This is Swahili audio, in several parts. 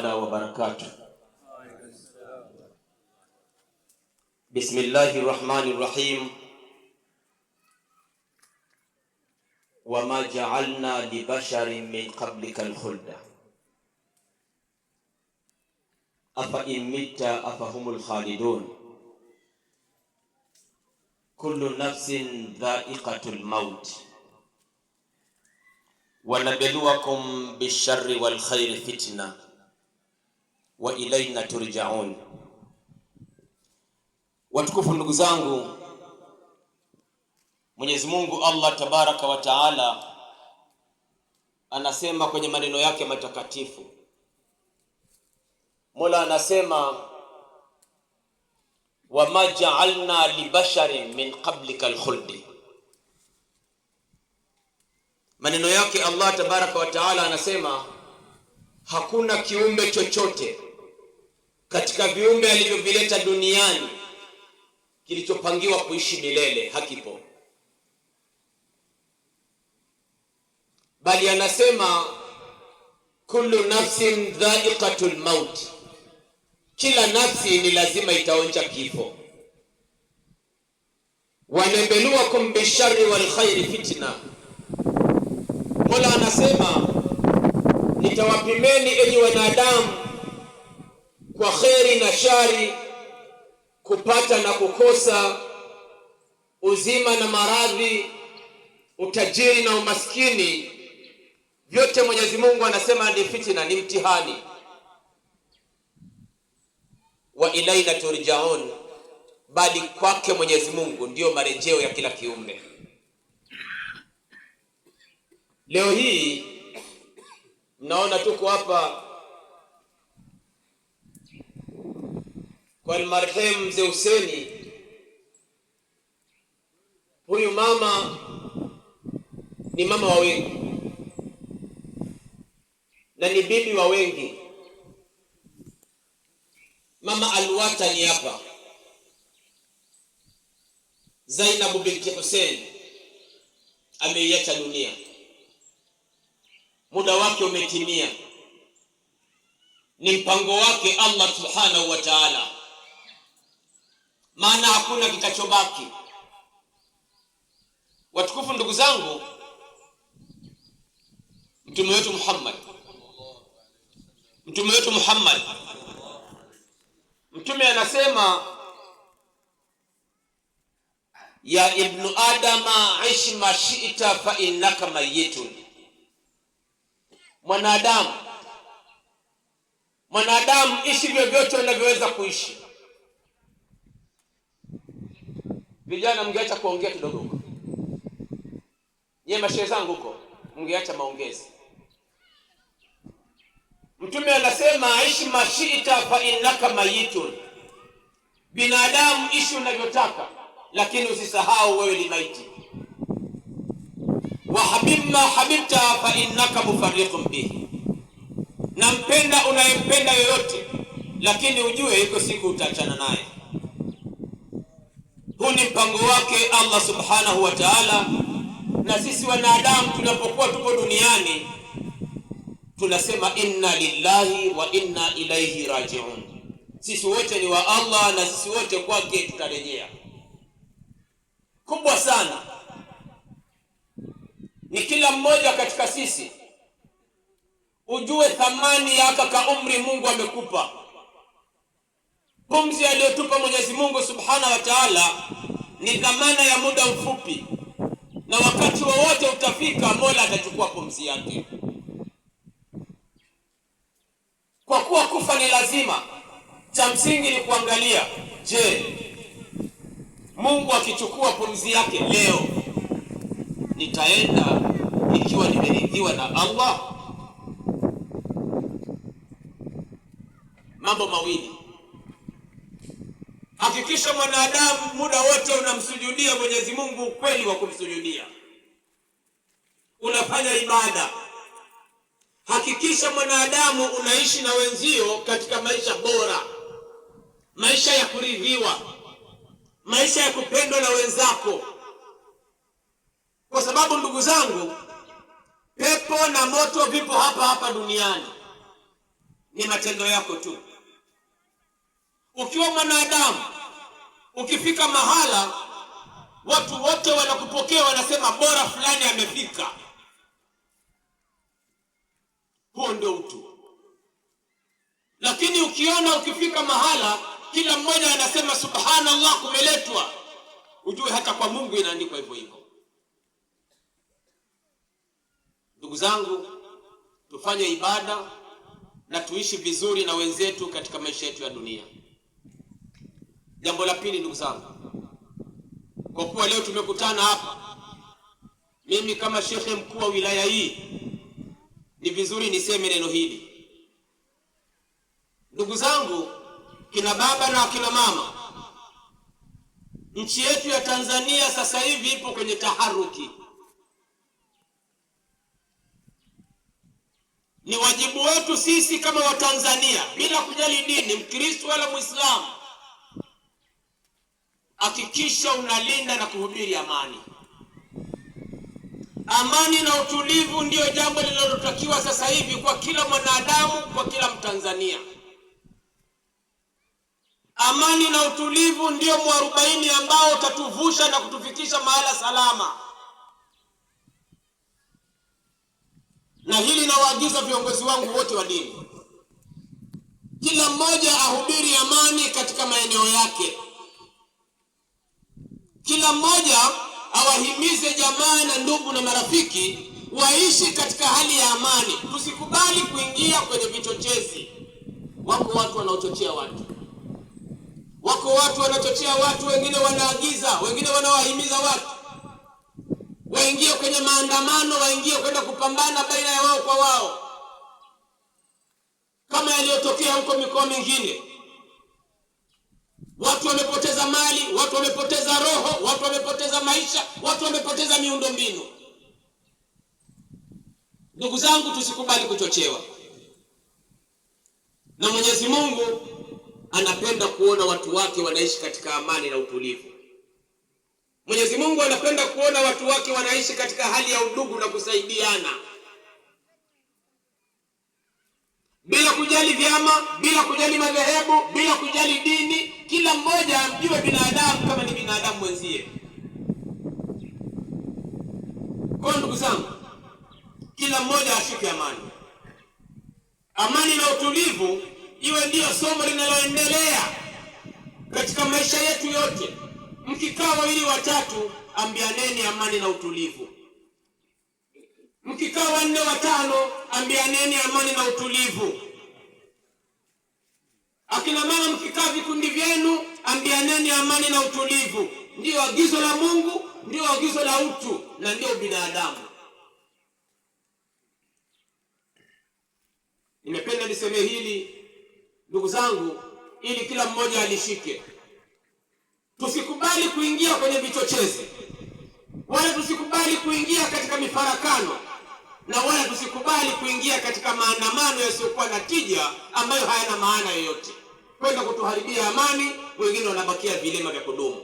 وبركاته بسم الله الرحمن الرحيم وما جعلنا لبشر من قبلك الخلد أفإن مت أفهم الخالدون كل نفس ذائقة الموت ونبلوكم بالشر والخير فتنه wa ilaina turjaun. Watukufu ndugu zangu, Mwenyezi Mungu Allah tabaraka wa taala anasema kwenye maneno yake matakatifu, Mola anasema wama jaalna libasharin min qablika alkhuldi. Maneno yake Allah tabaraka wa taala anasema hakuna kiumbe chochote katika viumbe alivyovileta duniani kilichopangiwa kuishi milele, hakipo. Bali anasema kullu nafsin dha'iqatul maut, kila nafsi ni lazima itaonja kifo. Wanabluwakum bishari walkhairi fitna, Mola anasema nitawapimeni enyi wanadamu kwa kheri na shari, kupata na kukosa, uzima na maradhi, utajiri na umaskini. Vyote Mwenyezi Mungu anasema ni fitina, ni mtihani. Wa ilaina turjaun, bali kwake Mwenyezi Mungu ndiyo marejeo ya kila kiumbe. Leo hii Naona tuko hapa kwa marehemu mzee Huseni. Huyu mama ni mama wa wengi na ni bibi wa wengi. Mama ni hapa Zainabu binti Hussein ameiacha dunia muda wake umetimia, ni mpango wake Allah subhanahu wa ta'ala, maana hakuna kitachobaki. Watukufu ndugu zangu, mtume wetu Muhammad, mtume wetu Muhammad, mtume anasema ya ibnu adama ish shi'ta fa innaka mayitun mwanadamu. Mwanadamu, ishi vyovyote unavyoweza kuishi. Vijana, mngeacha kuongea kidogo huko, nyie mashehe zangu huko, mngeacha maongezi. Mtume anasema aishi mashita fa innaka mayitun, binadamu ishi unavyotaka, lakini usisahau wewe ni maiti wahabib ma habibta fa innaka mufarriqun bihi, na mpenda unayempenda yoyote, lakini ujue iko siku utaachana naye. Huu ni mpango wake Allah subhanahu wa ta'ala. Na sisi wanadamu tunapokuwa tuko duniani tunasema inna lillahi wa inna ilaihi rajiun, sisi wote ni wa Allah na sisi wote kwake tutarejea. Kubwa sana ni kila mmoja katika sisi ujue thamani ya ka umri Mungu amekupa. Pumzi aliyotupa Mwenyezi Mungu Subhanahu wa Ta'ala ni dhamana ya muda mfupi, na wakati wowote wa utafika, Mola atachukua pumzi yake. Kwa kuwa kufa ni lazima, cha msingi ni kuangalia, je, Mungu akichukua pumzi yake leo nitaenda ikiwa nimeridhiwa na Allah? Mambo mawili, hakikisha mwanadamu muda wote unamsujudia Mwenyezi Mungu ukweli wa kumsujudia, unafanya ibada. Hakikisha mwanadamu unaishi na wenzio katika maisha bora, maisha ya kuridhiwa, maisha ya kupendwa na wenzako kwa sababu ndugu zangu, pepo na moto vipo hapa hapa duniani, ni matendo yako tu. Ukiwa mwanadamu, ukifika mahala, watu wote wanakupokea, wanasema bora fulani amefika. Huo ndio utu. Lakini ukiona ukifika mahala, kila mmoja anasema subhanallah, kumeletwa, ujue hata kwa Mungu inaandikwa hivyo hivyo. Ndugu zangu, tufanye ibada na tuishi vizuri na wenzetu katika maisha yetu ya dunia. Jambo la pili, ndugu zangu, kwa kuwa leo tumekutana hapa, mimi kama shekhe mkuu wa wilaya hii, ni vizuri niseme neno hili. Ndugu zangu, kina baba na kina mama, nchi yetu ya Tanzania sasa hivi ipo kwenye taharuki Ni wajibu wetu sisi kama Watanzania, bila kujali dini, Mkristo wala Mwislamu, hakikisha unalinda na kuhubiri amani. Amani na utulivu ndiyo jambo linalotakiwa sasa hivi kwa kila mwanadamu, kwa kila Mtanzania. Amani na utulivu ndiyo mwarobaini ambao utatuvusha na kutufikisha mahala salama. na hili nawaagiza viongozi wangu wote wa dini, kila mmoja ahubiri amani katika maeneo yake, kila mmoja awahimize jamaa na ndugu na marafiki waishi katika hali ya amani. Tusikubali kuingia kwenye vichochezi. Wako watu wanaochochea watu, wako watu wanachochea watu, wengine wanaagiza, wengine wanawahimiza watu waingie kwenye maandamano, waingie kwenda kupambana baina ya wao kwa wao, kama yaliyotokea huko mikoa mingine. Watu wamepoteza mali, watu wamepoteza roho, watu wamepoteza maisha, watu wamepoteza miundombinu. Ndugu zangu, tusikubali kuchochewa, na Mwenyezi Mungu anapenda kuona watu wake wanaishi katika amani na utulivu. Mungu anapenda kuona watu wake wanaishi katika hali ya udugu na kusaidiana, bila kujali vyama, bila kujali madhehebu, bila kujali dini. Kila mmoja amjue binadamu kama ni binadamu mwenzie. Kwa ndugu zangu, kila mmoja ashike amani. Amani na utulivu iwe ndiyo somo linaloendelea katika maisha yetu yote. Mkikaa wawili watatu ambianeni amani na utulivu. Mkikaa wanne watano, ambianeni amani na utulivu. Akina mama mkikaa vikundi vyenu, ambianeni amani na utulivu. Ndiyo agizo la Mungu, ndiyo agizo la utu na ndiyo binadamu. Nimependa niseme hili ndugu zangu, ili kila mmoja alishike. Tusikubali kuingia kwenye vichochezi, wala tusikubali kuingia katika mifarakano, na wala tusikubali kuingia katika maandamano yasiyokuwa na tija, ambayo hayana maana yoyote, kwenda kutuharibia amani, wengine wanabakia vilema vya kudumu.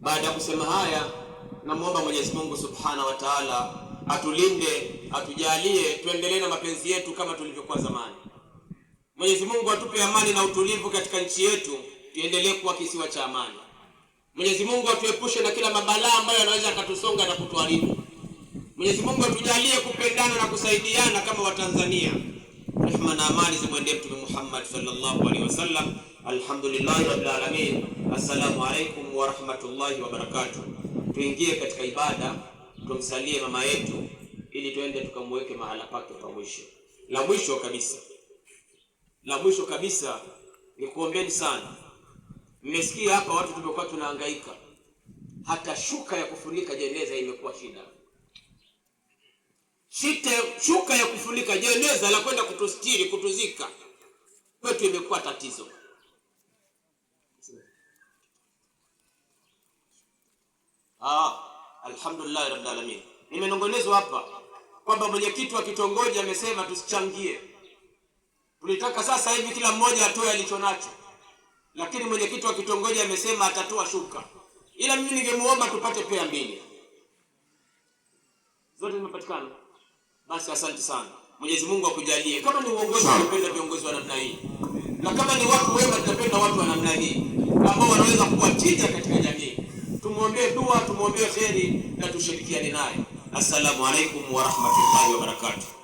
Baada ya kusema haya, namwomba mwenyezimungu subhana wa Ta'ala atulinde, atujalie tuendelee na mapenzi yetu kama tulivyokuwa zamani. Mwenyezi Mungu atupe amani na utulivu katika nchi yetu tuendelee kuwa kisiwa cha amani. Mwenyezi Mungu atuepushe na kila mabalaa ambayo yanaweza akatusonga na kutuharibu. Mwenyezi Mungu atujalie kupendana na kusaidiana kama Watanzania. Rehma na amani zimwendee Mtume Muhammad sallallahu alaihi wasallam. Alhamdulillahi rabbil alamin. Assalamu alaikum wa rahmatullahi wa barakatuh. Tuingie katika ibada, tumsalie mama yetu ili tuende tukamweke mahala pake pa mwisho. La mwisho kabisa, la mwisho kabisa, kuombeni sana Mmesikia hapa watu tumekuwa tunahangaika, hata shuka ya kufunika jeneza imekuwa shida. Shite, shuka ya kufunika jeneza la kwenda kutustiri kutuzika kwetu imekuwa tatizo. Ah, alhamdulillah rabbil alamin. Nimenongonezwa hapa kwamba mwenyekiti wa kitongoji amesema tusichangie. Tulitaka sasa hivi kila mmoja atoe alichonacho lakini mwenyekiti wa kitongoji amesema atatoa shuka, ila mimi ningemuomba tupate pea mbili. Zote zimepatikana? Basi asante sana. Mwenyezi Mungu akujalie. Kama ni uongozi tunapenda viongozi wa namna hii, na kama ni watu wema tunapenda watu wa namna hii ambao wanaweza kuwa tija katika jamii. Tumwombee dua, tumwombee kheri na tushirikiane naye. Assalamu alaikum warahmatullahi wabarakatuh.